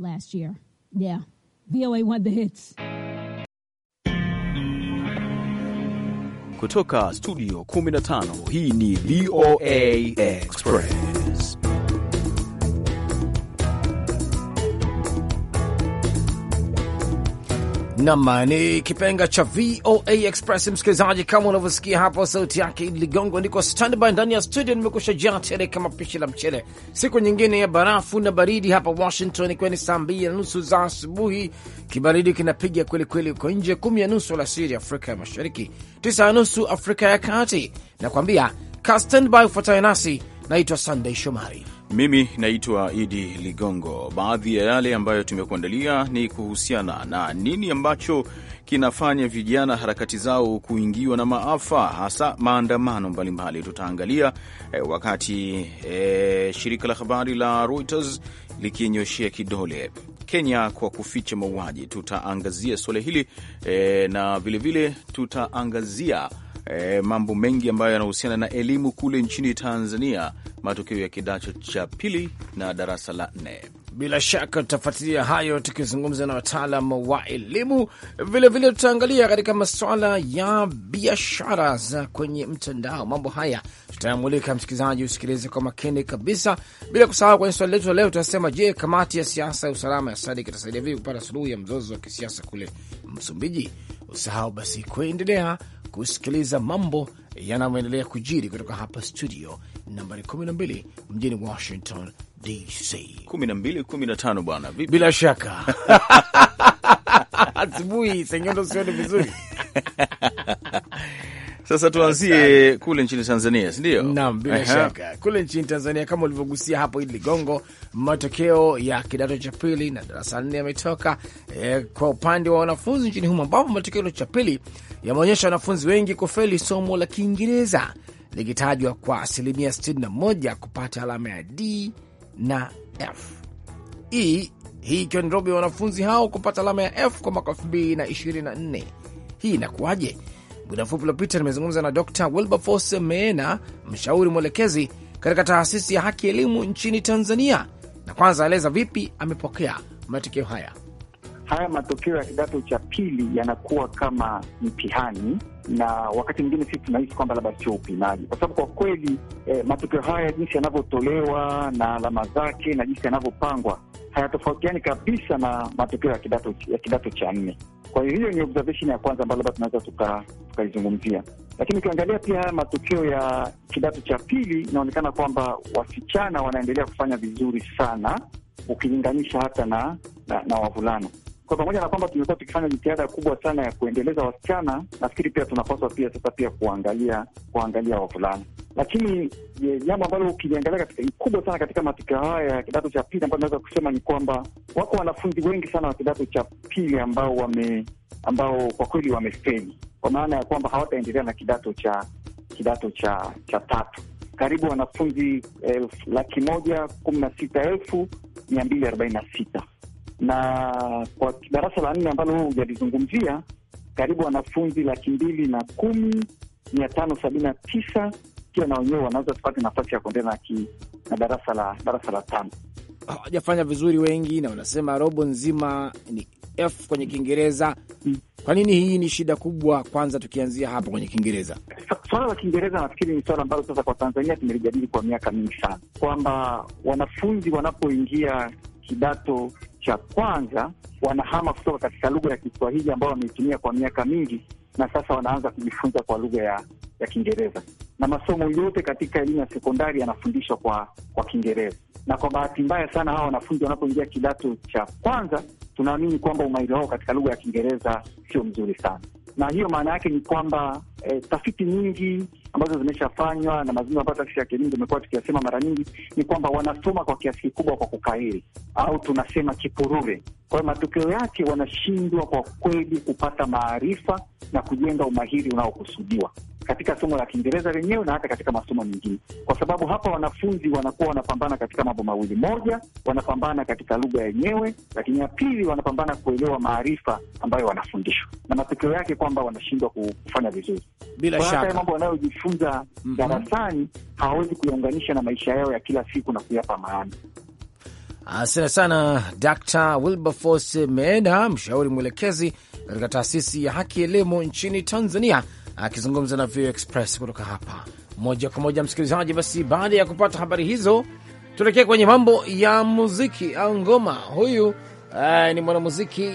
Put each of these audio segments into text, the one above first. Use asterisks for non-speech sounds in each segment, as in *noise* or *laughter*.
last year. Yeah. VOA won the hits. Kutoka studio 15 hii ni VOA Express. Nam ni kipenga cha VOA Express. Msikilizaji, kama unavyosikia hapo sauti yake Idi Ligongo, niko standby ndani ya studio, nimekusha jaa tele kama pishi la mchele. Siku nyingine ya barafu na baridi hapa Washington, ikiwa ni saa mbili na nusu za asubuhi, kibaridi kinapiga kwelikweli huko nje, kumi ya nusu alasiri Afrika ya Mashariki, tisa ya nusu Afrika ya Kati. Nakwambia ka standby, ufuatayo nasi. Naitwa Sandey Shomari. Mimi naitwa Idi Ligongo. Baadhi ya yale ambayo tumekuandalia ni kuhusiana na nini ambacho kinafanya vijana harakati zao kuingiwa na maafa, hasa maandamano mbalimbali. Tutaangalia eh, wakati eh, shirika la habari la Reuters likinyoshea kidole Kenya kwa kuficha mauaji. Tutaangazia suala hili eh, na vilevile tutaangazia eh, mambo mengi ambayo yanahusiana na elimu kule nchini Tanzania matokeo ya kidato cha pili na darasa la nne. Bila shaka tutafuatilia hayo tukizungumza na wataalam wa elimu. Vilevile tutaangalia katika masuala ya biashara za kwenye mtandao. Mambo haya tutayamulika, msikilizaji, usikilize kwa makini kabisa, bila kusahau kwenye swali letu la leo. Tunasema, je, kamati ya siasa ya usalama ya SADC itasaidia vipi kupata suluhu ya mzozo wa kisiasa kule Msumbiji? Usahau basi kuendelea kusikiliza mambo yanayoendelea kujiri kutoka hapa studio nambari 12 mjini Washington DC. 12 15, bwana vipi? Bila shaka *laughs* asubuhi sengendo sioni vizuri *laughs* Sasa tuanzie kule nchini Tanzania, si Naam, bila shaka kule nchini Tanzania, kama ulivyogusia hapo Idi Ligongo, matokeo ya kidato cha pili na darasa nne yametoka eh, kwa upande wa wanafunzi nchini humo, ambapo matokeo cha pili yameonyesha wanafunzi wengi kufeli somo la Kiingereza likitajwa kwa asilimia 61 kupata alama ya D na F. E, hii ikiwa ni robo ya wanafunzi hao kupata alama ya F kwa mwaka 2024. Hii inakuwaje? Muda mfupi uliopita nimezungumza na Dr Wilberforce Meena, mshauri mwelekezi katika taasisi ya haki elimu nchini Tanzania, na kwanza aeleza vipi amepokea matokeo haya. Haya matokeo ya kidato cha pili yanakuwa kama mtihani, na wakati mwingine sisi tunahisi kwamba labda sio upimaji, kwa sababu kwa kweli eh, matokeo haya jinsi yanavyotolewa na alama zake na jinsi yanavyopangwa hayatofautiani kabisa na matokeo ya kidato ya kidato cha nne. Kwa hiyo hiyo ni observation ya kwanza ambayo labda tunaweza tukaizungumzia tuka, lakini ukiangalia pia haya matukio ya kidato cha pili inaonekana kwamba wasichana wanaendelea kufanya vizuri sana ukilinganisha hata na, na, na wavulana kwa pamoja na kwamba tumekuwa tukifanya jitihada kubwa sana ya kuendeleza wasichana, nafikiri pia tunapaswa pia sasa pia kuangalia kuangalia wavulana. Lakini eh, jambo ambalo ukiliangalia katika kubwa sana katika matokeo haya ya kidato cha pili, ambayo naweza kusema ni kwamba wako wanafunzi wengi sana wa kidato cha pili ambao wame ambao kwa kweli wamefeli, kwa maana ya kwamba hawataendelea na kidato cha kidato cha cha tatu. Karibu wanafunzi laki moja kumi na sita elfu mia mbili arobaini na sita na kwa darasa la nne ambalo huu hujalizungumzia, karibu wanafunzi laki mbili na kumi mia tano sabini na tisa pia na wenyewe wanaweza tupate nafasi ya kuendelea na, na darasa la darasa la tano hawajafanya vizuri wengi, na wanasema robo nzima ni F kwenye Kiingereza. Mm. Kwa nini hii ni shida kubwa? Kwanza tukianzia hapa kwenye Kiingereza, swala la Kiingereza nafikiri ni swala ambalo sasa kwa Tanzania tumelijadili kwa miaka mingi sana, kwamba wanafunzi wanapoingia kidato cha kwanza wanahama kutoka katika lugha ya Kiswahili ambayo wameitumia kwa miaka mingi, na sasa wanaanza kujifunza kwa lugha ya, ya Kiingereza, na masomo yote katika elimu ya sekondari yanafundishwa kwa kwa Kiingereza. Na kwa bahati mbaya sana hawa wanafunzi wanapoingia kidato cha kwanza, tunaamini kwamba umahiri wao katika lugha ya Kiingereza sio mzuri sana na hiyo maana yake ni kwamba e, tafiti nyingi ambazo zimeshafanywa na mazungumzo ambayo taasisi ya kielimu imekuwa tukiyasema mara nyingi ni kwamba wanasoma kwa kiasi kikubwa kwa kukahiri au tunasema kipurure. Kwa hiyo matokeo yake wanashindwa kwa kweli kupata maarifa na kujenga umahiri unaokusudiwa katika somo la Kiingereza lenyewe na hata katika masomo mengine, kwa sababu hapa wanafunzi wanakuwa wanapambana katika mambo mawili. Moja, wanapambana katika lugha yenyewe, lakini ya pili, wanapambana kuelewa maarifa ambayo wanafundishwa, na matokeo yake kwamba wanashindwa kufanya vizuri. Bila shaka mambo wanayojifunza mm -hmm. hawawezi kuyaunganisha na maisha yao ya kila siku na kuyapa maana. Asante sana Dr. Wilberforce Meena, mshauri mwelekezi katika taasisi ya haki elimu nchini Tanzania akizungumza na VOA Express kutoka hapa moja kwa moja. Msikilizaji, basi baada ya kupata habari hizo, tuelekee kwenye mambo ya muziki au ngoma. Huyu uh, ni mwanamuziki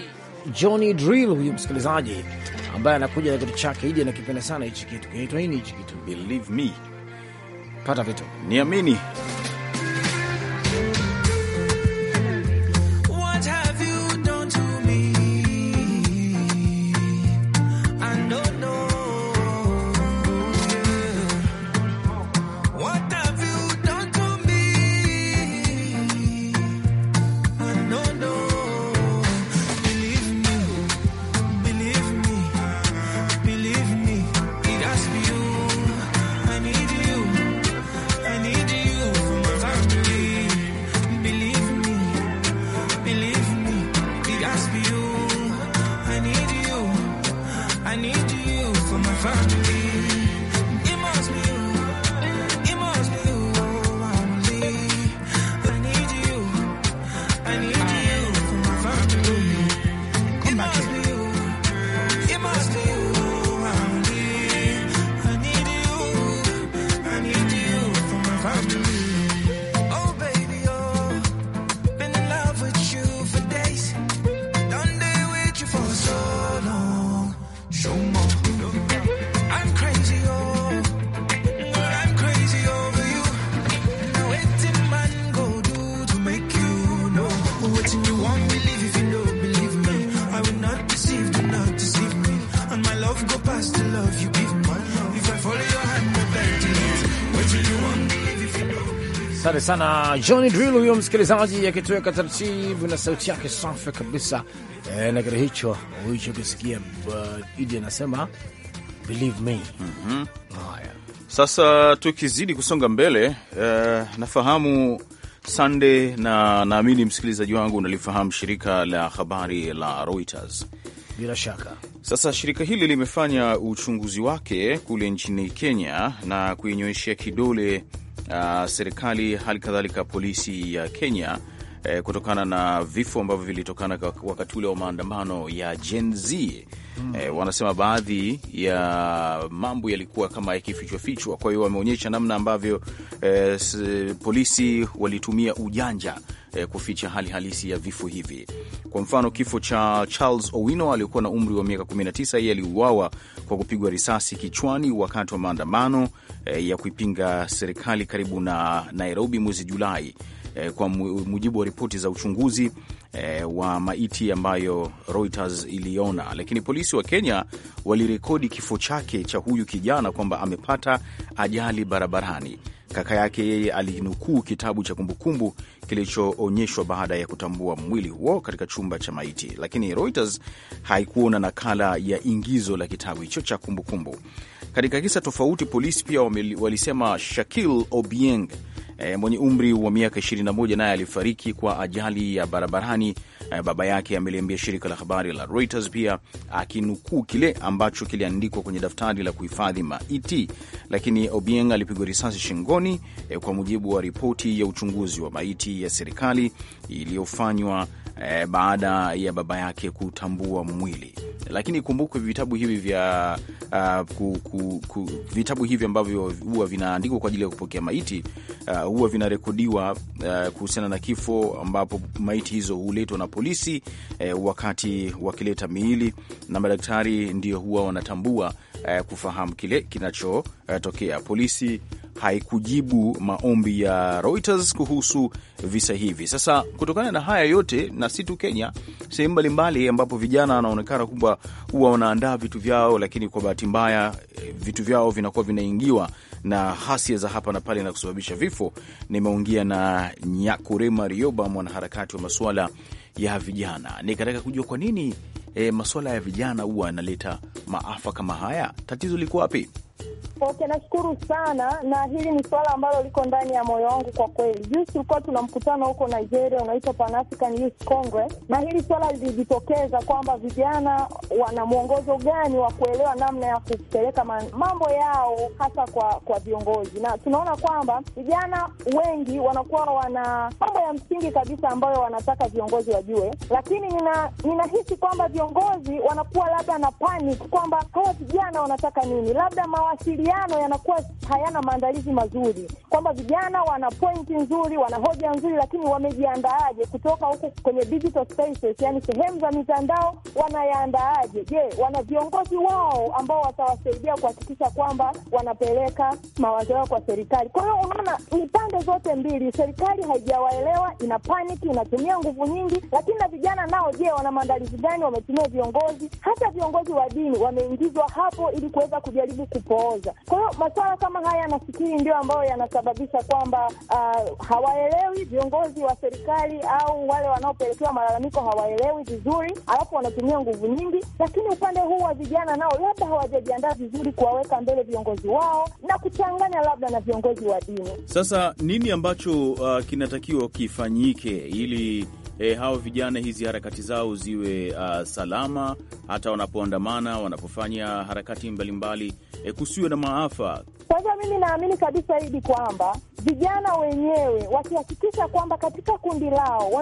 Johnny Drill huyu msikilizaji, ambaye anakuja na kitu chake hidi, anakipenda sana hichi kitu. Kinaitwa nini hichi kitu? Believe me, pata vitu niamini. sana Johnny Drill huyo msikilizaji, akitoweka taratibu na sauti yake safi kabisa e, na kile hicho ulichokisikia Idi anasema believe me. mm -hmm. Oh, Sasa tukizidi kusonga mbele uh, nafahamu Sande na naamini msikilizaji wangu unalifahamu shirika la habari la Reuters. Bila shaka. Sasa shirika hili limefanya uchunguzi wake kule nchini Kenya na kuinyoeshea kidole Ah, serikali hali kadhalika polisi ya Kenya eh, kutokana na vifo ambavyo vilitokana wakati ule wa maandamano ya Gen Z. Mm. wanasema baadhi ya mambo yalikuwa kama yakifichwafichwa, kwa hiyo wameonyesha namna ambavyo eh, polisi walitumia ujanja e, kuficha hali halisi ya vifo hivi. Kwa mfano, kifo cha Charles Owino aliyokuwa na umri wa miaka 19, yeye aliuawa kwa kupigwa risasi kichwani wakati wa maandamano e, ya kuipinga serikali karibu na Nairobi mwezi Julai eh, kwa mujibu wa ripoti za uchunguzi eh, wa maiti ambayo Reuters iliona. Lakini polisi wa Kenya walirekodi kifo chake cha huyu kijana kwamba amepata ajali barabarani. Kaka yake yeye alinukuu kitabu cha kumbukumbu kilichoonyeshwa baada ya kutambua mwili huo katika chumba cha maiti, lakini Reuters haikuona nakala ya ingizo la kitabu hicho cha kumbukumbu. Katika kisa tofauti, polisi pia walisema Shakil Obieng e, mwenye umri wa miaka 21 naye alifariki kwa ajali ya barabarani. E, baba yake ameliambia shirika la habari la Reuters, pia akinukuu kile ambacho kiliandikwa kwenye daftari la kuhifadhi maiti. Lakini Obieng alipigwa risasi shingoni, e, kwa mujibu wa ripoti ya uchunguzi wa maiti ya serikali iliyofanywa e, baada ya baba yake kutambua mwili. Lakini kumbukwe vitabu hivi vya uh, ku, ku, ku, vitabu hivi ambavyo huwa vinaandikwa kwa ajili ya kupokea maiti huwa uh, vinarekodiwa uh, kuhusiana na kifo, ambapo maiti hizo huletwa na polisi uh, wakati wakileta miili na madaktari ndio huwa wanatambua eh, kufahamu kile kinachotokea. Eh, polisi haikujibu maombi ya Reuters kuhusu visa hivi. Sasa kutokana na haya yote, na si tu Kenya, sehemu mbalimbali ambapo vijana wanaonekana kwamba huwa wanaandaa vitu vyao, lakini kwa bahati mbaya eh, vitu vyao vinakuwa vinaingiwa na hasia za hapa na pale na kusababisha vifo. Nimeongea na Nyakurema Rioba, mwanaharakati wa masuala ya vijana, nikataka kujua kwa nini e, masuala ya vijana huwa yanaleta maafa kama haya. Tatizo liko wapi? Okay, nashukuru sana, na hili ni swala ambalo liko ndani ya moyo wangu kwa kweli. Juzi tulikuwa tuna mkutano huko Nigeria unaitwa Pan African Youth Congress, na hili swala lilijitokeza kwamba vijana wana mwongozo gani wa kuelewa namna ya kupeleka mambo yao hasa kwa kwa viongozi, na tunaona kwamba vijana wengi wanakuwa wana mambo ya msingi kabisa ambayo wanataka viongozi wajue, lakini nina ninahisi kwamba viongozi wanakuwa labda na panic kwamba hawa vijana wanataka nini, labda ma mawasiliano yanakuwa hayana maandalizi mazuri, kwamba vijana wana pointi nzuri, wana hoja nzuri, lakini wamejiandaaje kutoka huko kwenye digital spaces, yani sehemu za mitandao, wanayaandaaje? Je, wana viongozi wao ambao watawasaidia kuhakikisha kwamba wanapeleka mawazo yao kwa serikali? Kwa hiyo unaona, ni pande zote mbili. Serikali haijawaelewa, ina paniki, inatumia nguvu nyingi, lakini na vijana nao, je, wana maandalizi gani? Wametumia viongozi, hata viongozi wa dini wameingizwa hapo ili kuweza kujaribu kupo kupooza. Kwa hiyo masuala kama haya nafikiri ndio ambayo yanasababisha kwamba uh, hawaelewi viongozi wa serikali au wale wanaopelekewa malalamiko hawaelewi vizuri, alafu wanatumia nguvu nyingi. Lakini upande huu wa vijana nao labda hawajajiandaa vizuri kuwaweka mbele viongozi wao na kuchanganya labda na viongozi wa dini. Sasa nini ambacho uh, kinatakiwa kifanyike ili e, hao vijana hizi harakati zao ziwe uh, salama, hata wanapoandamana, wanapofanya harakati mbalimbali mbali, eh, e, kusiwe na maafa. Kwa mimi naamini kabisa hidi kwamba vijana wenyewe wakihakikisha kwamba katika kundi lao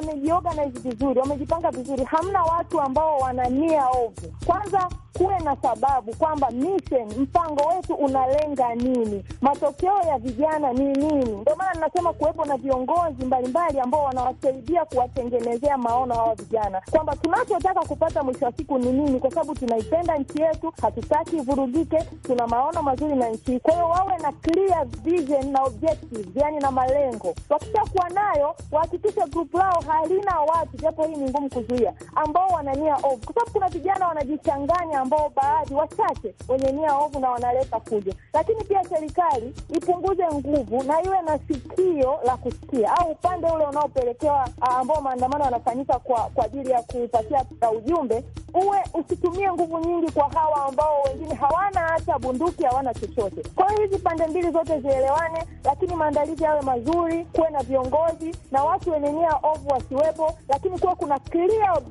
hizi vizuri, wamejipanga vizuri, hamna watu ambao wana nia ovu. Kwanza kuwe na sababu kwamba mission, mpango wetu unalenga nini, matokeo ya vijana ni nini. Ndio maana ninasema kuwepo na viongozi mbalimbali ambao wanawasaidia kuwatengenezea maono hawa vijana kwamba tunachotaka kupata mwisho wa siku ni nini, kwa sababu tunaipenda nchi yetu, hatutaki ivurugike, tuna maono mazuri na nchi. Kwa hiyo wawe na clear vision na objectives, yani na malengo. Wakishakuwa nayo, wahakikishe grup lao halina watu, japo hii ni ngumu kuzuia, ambao wanania ovu, kwa sababu kuna vijana wanajichanganya ambao baadhi wachache wenye nia ovu na wanaleta fujo, lakini pia serikali ipunguze nguvu na iwe na sikio la kusikia, au upande ule unaopelekewa ambao maandamano yanafanyika kwa kwa ajili ya kupatia ujumbe uwe usitumie nguvu nyingi kwa hawa ambao wengine hawana hata bunduki, hawana chochote. Kwa hiyo hizi pande mbili zote zielewane, lakini maandalizi yawe mazuri, kuwe na viongozi na watu wenye nia ovu wasiwepo, lakini kuwe kuna clear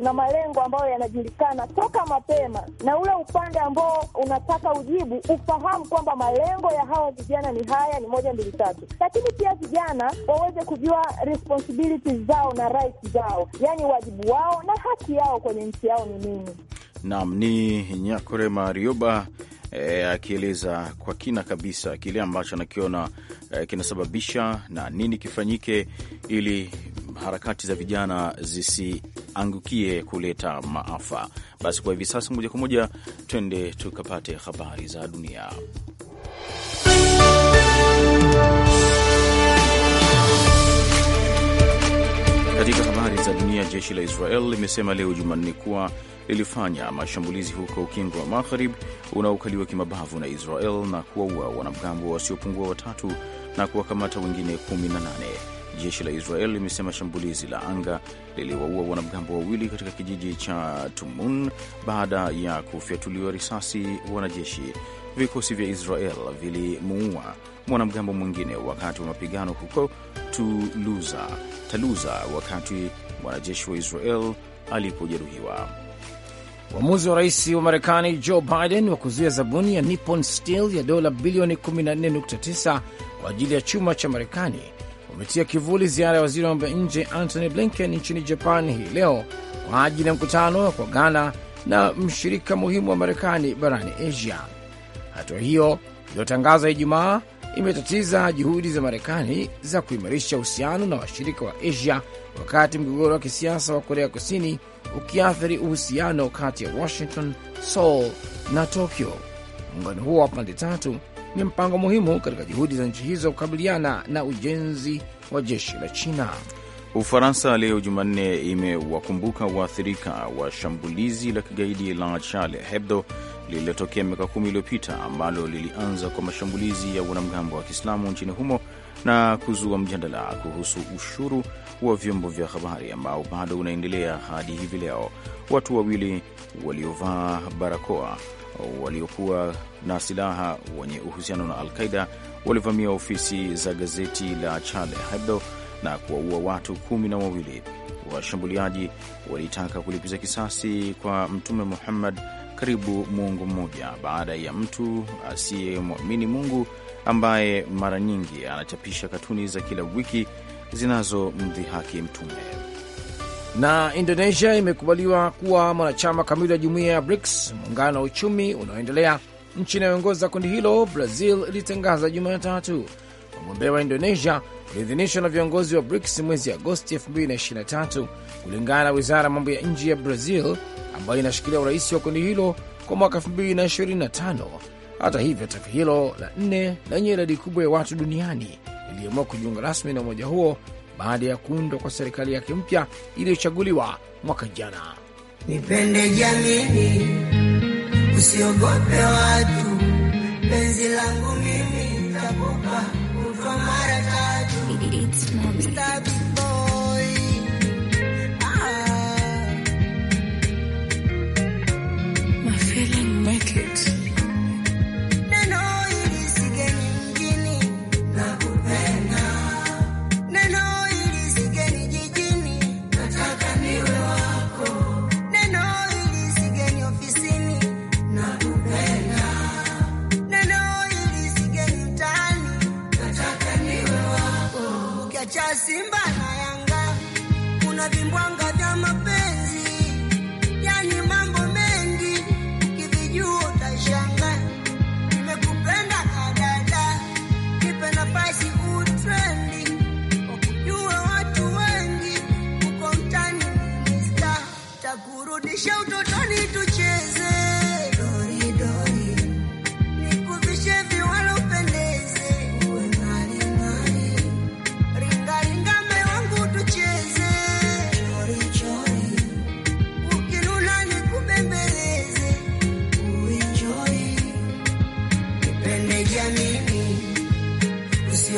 na malengo ambayo yanajulikana toka mapema mapema, na ule upande ambao unataka ujibu ufahamu kwamba malengo ya hawa vijana ni haya, ni moja, mbili, tatu. Lakini pia vijana waweze kujua responsibilities zao na rights zao, yaani wajibu wao na haki yao kwenye nchi yao ni nini. Naam, ni Nyakore Marioba e, akieleza kwa kina kabisa kile ambacho anakiona e, kinasababisha na nini kifanyike ili harakati za vijana zisiangukie kuleta maafa. Basi kwa hivi sasa, moja kwa moja twende tukapate habari za dunia. Katika habari za dunia, jeshi la Israel limesema leo Jumanne kuwa lilifanya mashambulizi huko Ukingo wa Magharibi unaokaliwa kimabavu na Israel na kuwaua wanamgambo wasiopungua watatu na kuwakamata wengine 18. Jeshi la Israel limesema shambulizi la anga liliwaua wanamgambo wawili katika kijiji cha Tumun baada ya kufyatuliwa risasi wanajeshi. Vikosi vya Israel vilimuua mwanamgambo mwingine wakati wa mapigano huko Tuluza, Taluza wakati mwanajeshi wa Israel alipojeruhiwa. Uamuzi wa rais wa Marekani Joe Biden wa kuzuia zabuni ya Nippon Steel ya dola bilioni 14.9 kwa ajili ya chuma cha Marekani umetia kivuli ziara ya waziri wa mambo ya nje Antony Blinken nchini Japan hii leo kwa ajili ya mkutano wa kuagana na mshirika muhimu wa Marekani barani Asia. Hatua hiyo iliyotangazwa Ijumaa imetatiza juhudi za Marekani za kuimarisha uhusiano na washirika wa Asia wakati mgogoro wa kisiasa wa Korea Kusini ukiathiri uhusiano kati ya Washington, Seoul na Tokyo. Muungano huo wa pande tatu ni mpango muhimu katika juhudi za nchi hizo kukabiliana na ujenzi wa jeshi la China. Ufaransa leo Jumanne imewakumbuka waathirika wa shambulizi la kigaidi la Charlie Hebdo lililotokea miaka kumi iliyopita ambalo lilianza kwa mashambulizi ya wanamgambo wa Kiislamu nchini humo na kuzua mjadala kuhusu ushuru wa vyombo vya habari ambao bado unaendelea hadi hivi leo. Watu wawili waliovaa barakoa waliokuwa na silaha wenye uhusiano na Alqaida walivamia ofisi za gazeti la Charlie Hebdo na kuwaua watu kumi na wawili. Washambuliaji walitaka kulipiza kisasi kwa Mtume Muhammad karibu muongo mmoja baada ya mtu asiyemwamini Mungu ambaye mara nyingi anachapisha katuni za kila wiki zinazomdhihaki Mtume. Na Indonesia imekubaliwa kuwa mwanachama kamili wa jumuiya ya BRICS, muungano wa uchumi unaoendelea. Nchi inayoongoza kundi hilo Brazil ilitangaza Jumatatu mgombea wa Indonesia uliidhinishwa na viongozi wa BRICS mwezi Agosti 2023 kulingana na wizara ya mambo ya nje ya Brazil ambayo inashikilia urais wa kundi hilo kwa mwaka 2025 hata hivyo, taifa hilo la nne lenye idadi kubwa ya watu duniani liliamua kujiunga rasmi na umoja huo baada ya kuundwa kwa serikali yake mpya iliyochaguliwa mwaka jana. Nipende jamii, usiogope watu, penzi langu mimi nitakupa kutwa mara tatu.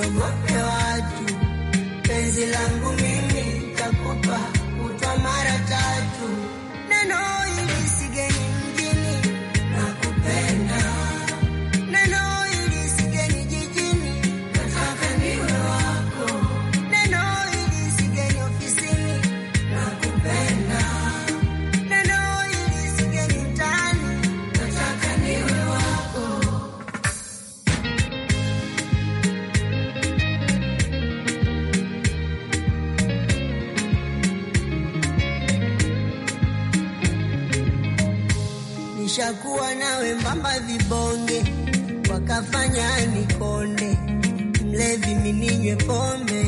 usiogope watu, penzi langu mimi nitakupa uta mara tatu neno Nishakuwa nawe mbamba vibonge, wakafanya nikonde, mlevi mininywe pombe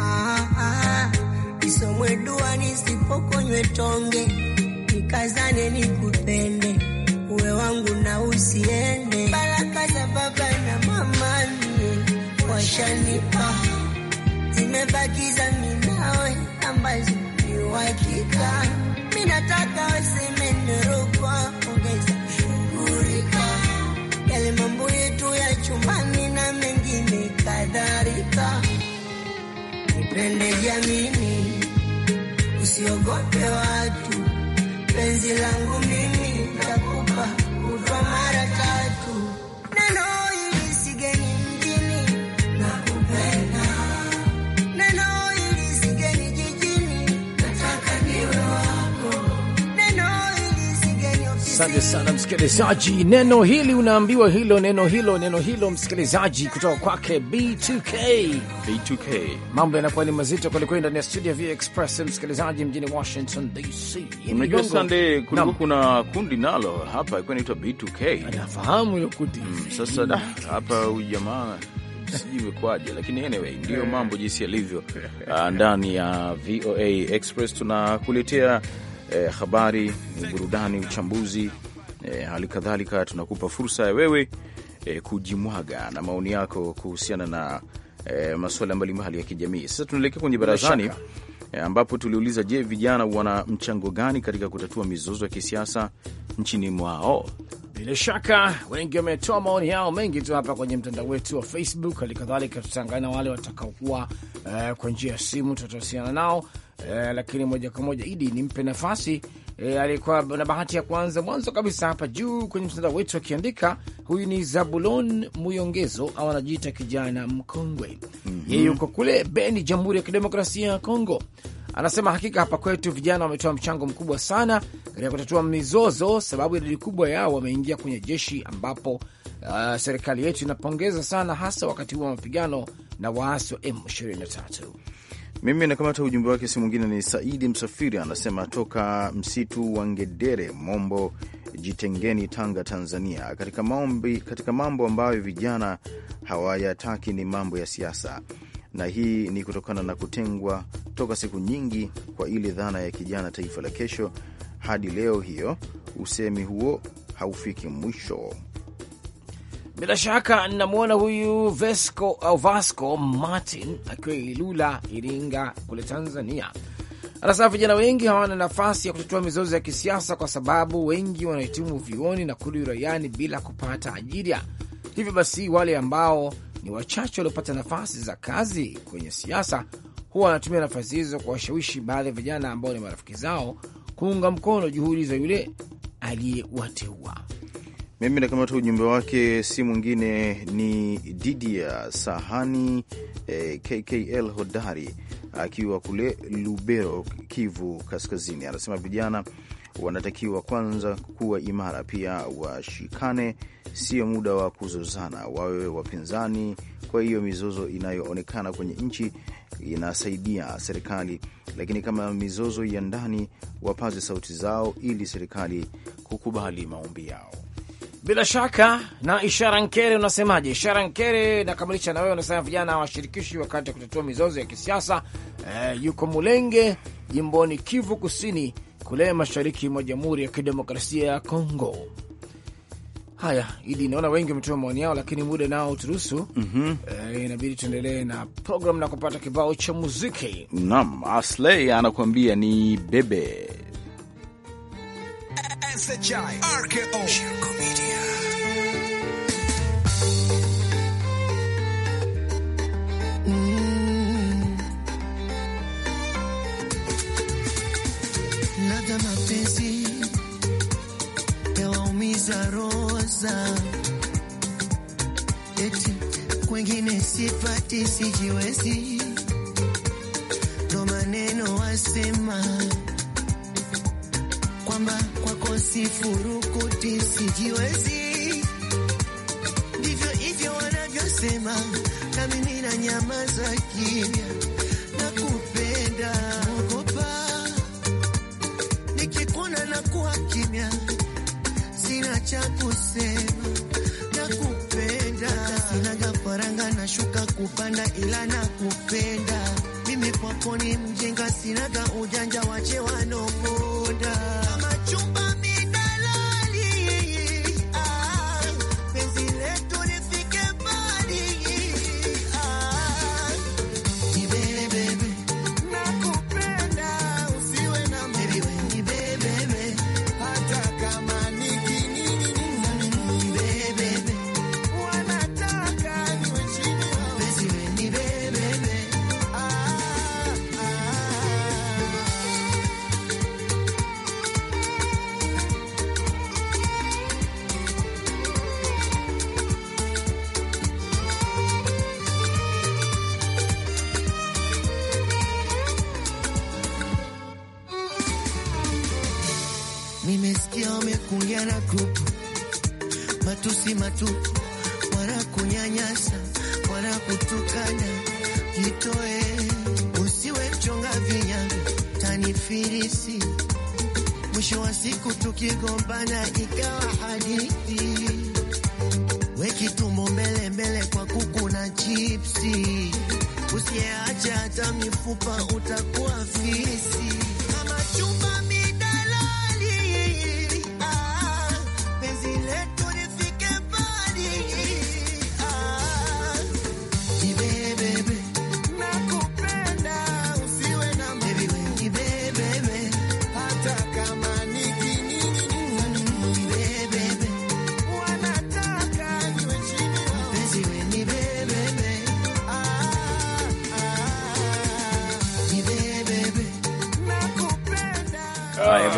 ah, ah. Isomwe dua nisipokonywe tonge, nikazane nikupende, uwe wangu na usiende. Baraka za baba na mama washanipa, zimebakiza minawe ambazo ni uhakika, minataka waseme nirukwa mambo yetu ya chumbani na mengine kadhalika. Nipende jamini, usiogope watu. Penzi langu mimi nakupa kutwa mara tatu neno Asante sana msikilizaji, neno hili unaambiwa hilo neno hilo neno hilo, msikilizaji, kutoka kwake B2K. B2K, mambo yanakuwa ni mazito kwelikweli ndani ya studio ya Express, msikilizaji, mjini Washington DC. Unajua Sande, kulikuwa kuna kundi nalo hapa ikuwa inaitwa B2K, anafahamu hiyo kundi mm. Sasa da, hapa huyu jamaa sijui imekuwaje, lakini anyway, ndiyo eh. mambo jinsi yalivyo *laughs* ah, ndani ya VOA Express tunakuletea e, habari, burudani, uchambuzi eh, hali kadhalika tunakupa fursa ya wewe e, kujimwaga na maoni yako kuhusiana na e, masuala mbalimbali ya kijamii. Sasa tunaelekea kwenye barazani e, ambapo tuliuliza, je, vijana wana mchango gani katika kutatua mizozo ya kisiasa nchini mwao? Bila shaka wengi wametoa maoni yao mengi tu hapa kwenye mtandao wetu wa Facebook. Hali kadhalika na wale watakaokuwa uh, kwa njia ya simu, tutahusiana nao eh, lakini moja kwa moja Idi nimpe nafasi eh, alikuwa na bahati ya kwanza mwanzo kabisa hapa juu kwenye mtandao wetu akiandika. Huyu ni Zabulon Muyongezo au anajiita kijana mkongwe mm -hmm. Yeye yuko kule Beni, Jamhuri ya Kidemokrasia ya Kongo. Anasema hakika hapa kwetu vijana wametoa mchango mkubwa sana katika kutatua mizozo, sababu idadi kubwa yao wameingia kwenye jeshi, ambapo uh, serikali yetu inapongeza sana, hasa wakati huu wa mapigano na waasi wa M23. Mimi nakamata ujumbe wake, si mwingine ni Saidi Msafiri, anasema toka msitu wa Ngedere, Mombo, Jitengeni, Tanga, Tanzania. Katika, maombi, katika mambo ambayo vijana hawayataki ni mambo ya siasa, na hii ni kutokana na kutengwa toka siku nyingi kwa ile dhana ya kijana taifa la kesho. Hadi leo hiyo usemi huo haufiki mwisho. Bila shaka namwona huyu Vesco au Vasco Martin akiwa Ilula, Iringa kule Tanzania, anasema vijana wengi hawana nafasi ya kutatua mizozo ya kisiasa kwa sababu wengi wanahitimu vioni na kurudi uraiani bila kupata ajira. Hivyo basi wale ambao ni wachache waliopata nafasi za kazi kwenye siasa huwa wanatumia nafasi hizo kuwashawishi baadhi ya vijana ambao ni marafiki zao kuunga mkono juhudi za yule aliyewateua. Mimi nakamata ujumbe wake, si mwingine ni Didia Sahani eh, KKL Hodari akiwa kule Lubero, Kivu Kaskazini. Anasema vijana wanatakiwa kwanza kuwa imara, pia washikane, sio muda wa kuzozana, wawe wapinzani. Kwa hiyo mizozo inayoonekana kwenye nchi inasaidia serikali, lakini kama mizozo ya ndani, wapaze sauti zao ili serikali kukubali maombi yao bila shaka na Ishara Nkere, unasemaje? Ishara Nkere nakamilisha na wewe, unasema vijana washirikishi wakati kutatua mizozo ya kisiasa eh, yuko Mulenge jimboni Kivu Kusini kule mashariki mwa Jamhuri ya Kidemokrasia ya Kongo. Haya, Idi, naona wengi wametuma maoni yao, lakini muda nao turuhusu. mm -hmm. E, eh, inabidi tuendelee na program na kupata kibao cha muziki. Naam, Asley anakuambia ni bebe kupendeza, eti kwengine sipati, sijiwezi, ndo maneno wasema kwamba kwako sifurukuti, sijiwezi, ndivyo hivyo wanavyosema, na mimi na nyamaza kimya na kupenda ogopa, nikikuna na kuwa kimya cha kusema na kupenda, sinaga faranga na shuka kupanda, ila na kupenda mimi kwako ni mjenga, sinaga ujanja wache wanoponda yanakupa matusi matupu, wanakunyanyasa, wanakutukana. Jitoe, usiwe mchonga vinyago, tanifirisi. Mwisho wa siku tukigombana ikawa hadithi, weki tumbo mbele mbele kwa kuku na chipsi, usiyeacha hata mifupa utakuwa fisi.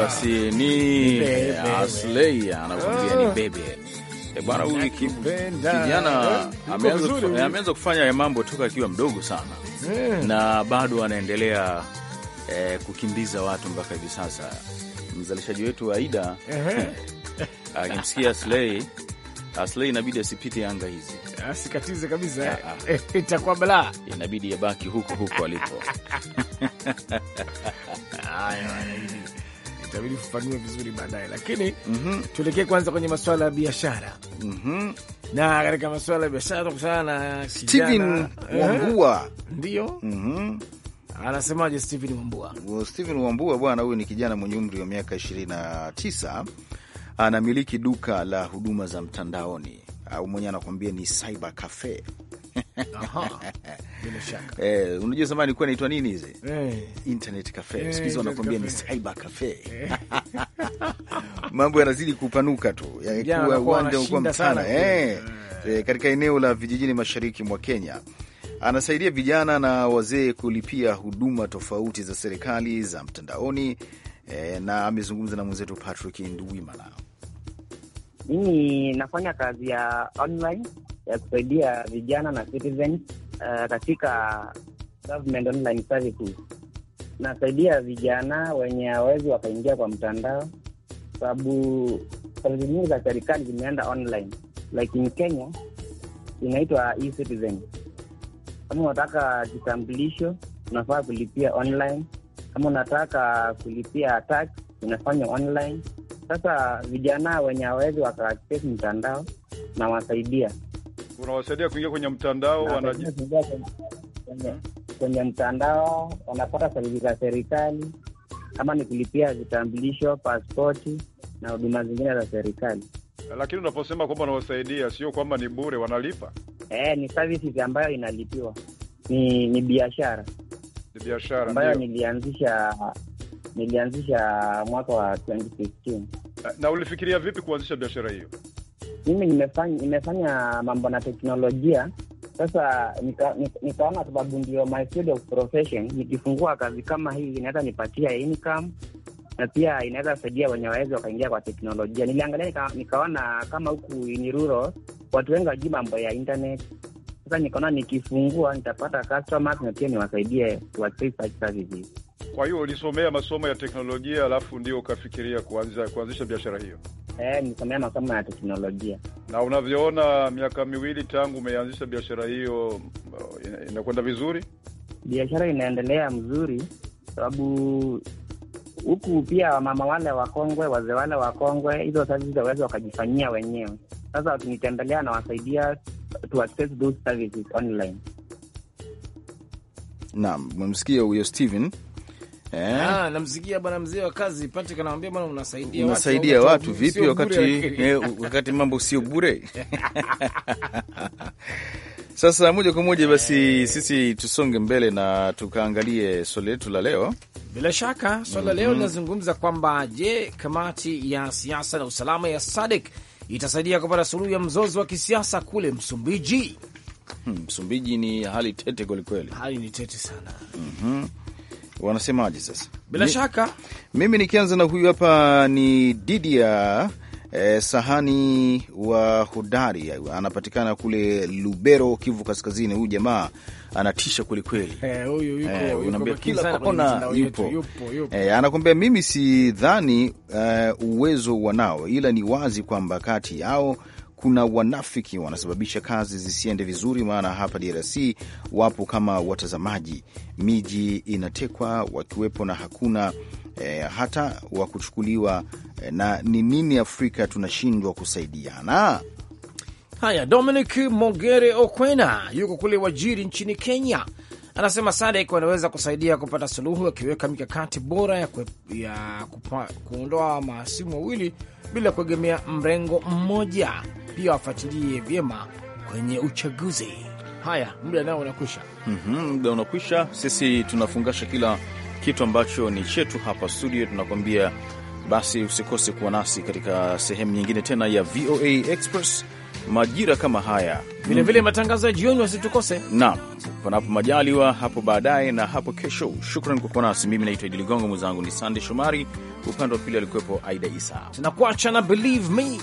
basi ni Aslay anakuambia ni bebe eh, bwana. Huyu kijana ameanza kufanya ya mambo toka akiwa mdogo sana hmm. na bado anaendelea eh, kukimbiza watu mpaka hivi sasa. Mzalishaji wetu Aida *laughs* akimsikia Aslay Aslay inabidi asipite anga hizi, asikatize kabisa, ah, ah. Eh, itakuwa balaa. Inabidi yabaki huko huko alipo. *laughs* itabidi ufafanue vizuri baadaye, lakini mm -hmm. tuelekee kwanza kwenye masuala ya biashara mm -hmm. na katika masuala ya biashara tukutana na Steven eh, Wambua ndio mm -hmm. Anasemaje Steven Wambua? Well, Steven Wambua bwana, huyu ni kijana mwenye umri wa miaka 29 anamiliki duka la huduma za mtandaoni au mwenye anakuambia ni cyber cafe *laughs* Eh, unajua zamani nini hizi? Eh. Internet cafe. Eh, wanakuambia ni cyber cafe. Eh. *laughs* Mambo yanazidi kupanuka tu. uwanja Eh. katika eneo la vijijini mashariki mwa Kenya anasaidia vijana na wazee kulipia huduma tofauti za serikali za mtandaoni. E, na amezungumza na mwenzetu Patrick Nduwimana. Mimi nafanya kazi ya online ya kusaidia vijana na citizen uh, katika government online services. Nasaidia vijana wenye hawezi wakaingia kwa mtandao, sababu kazi nyingi za serikali zimeenda online, like in Kenya inaitwa eCitizen. Kama unataka kitambulisho unafaa kulipia online, kama unataka kulipia tax unafanya online. Sasa vijana wenye hawezi waka access mtandao na wasaidia unawasaidia kuingia kwenye mtandao wanaji... kwenye, mtandao wanapata sarizi za serikali kama ni kulipia vitambulisho, paspoti na huduma zingine za serikali. Lakini unaposema kwamba unawasaidia, sio kwamba ni bure, wanalipa e, ni services ambayo inalipiwa. Ni ni biashara, ni biashara ambayo nilianzisha nilianzisha mwaka wa 2015. Na ulifikiria vipi kuanzisha biashara hiyo? mimi nimefanya, nimefanya mambo na teknolojia sasa nika, nikaona sababu ndio my field of profession. Nikifungua kazi kama hii inaweza nipatia income na pia inaweza saidia wenye wawezi wakaingia kwa teknolojia. Niliangalia nika, nikaona kama huku ni rural, watu wengi wajui mambo ya internet. Sasa nikaona nikifungua nitapata customers na pia niwasaidie kuwatree Kwa hiyo ulisomea masomo ya teknolojia alafu ndio ukafikiria kuanzisha biashara hiyo? eh, nimesomea masomo ya teknolojia. Na unavyoona, miaka miwili tangu umeanzisha biashara hiyo, inakwenda vizuri? Biashara inaendelea mzuri, sababu huku pia wamama wale wakongwe, wazee wale wakongwe, hizo services waweza wakajifanyia wenyewe. Sasa wakinitembelea na wasaidia to access those services online. Naam, umemsikia huyo Steven Eh, ah, namsikia bwana mzee wa kazi Patrick anamwambia bwana, unasaidia watu, unasaidia watu vipi wakati eh, wakati mambo sio bure *laughs* Sasa moja kwa moja basi eh. sisi tusonge mbele na tukaangalie swala letu la leo. Bila shaka swala leo mhm. linazungumza mm -hmm. kwamba je, kamati ya siasa na usalama ya SADC itasaidia kupata suluhu ya mzozo wa kisiasa kule Msumbiji. Hmm, Msumbiji ni hali tete kwelikweli, hali ni tete sana mm -hmm wanasemaje sasa? Bila Mi, shaka mimi nikianza na huyu hapa ni Didia eh, Sahani wa Hodari, anapatikana kule Lubero, Kivu Kaskazini. Huyu jamaa anatisha kwelikweli, eh, eh, unaambia kila kona yupo. Eh, Anakwambia mimi sidhani uh, uwezo wanao, ila ni wazi kwamba kati yao kuna wanafiki wanasababisha kazi zisiende vizuri, maana hapa DRC wapo kama watazamaji, miji inatekwa wakiwepo na hakuna e, hata wa kuchukuliwa e, na ni nini Afrika tunashindwa kusaidiana? Haya, Dominic Mogere Okwena yuko kule Wajiri nchini Kenya, anasema SADC wanaweza kusaidia kupata suluhu akiweka mikakati bora ya, kwe, ya kupa, kuondoa masimu wawili bila kuegemea mrengo mmoja pia wafuatilie vyema kwenye uchaguzi. Haya, muda nao unakwisha. mm -hmm, muda unakwisha. Sisi tunafungasha kila kitu ambacho ni chetu hapa studio, tunakuambia basi usikose kuwa nasi katika sehemu nyingine tena ya VOA Express majira kama haya, vilevile matangazo ya jioni wasitukose. Naam, panapo majaliwa hapo baadaye na hapo kesho. Shukran kwa kuwa nasi. Mimi naitwa Idi Ligongo, mwenzangu ni Sande Shomari, upande wa pili alikuwepo Aida Isa. Tunakuacha na believe me.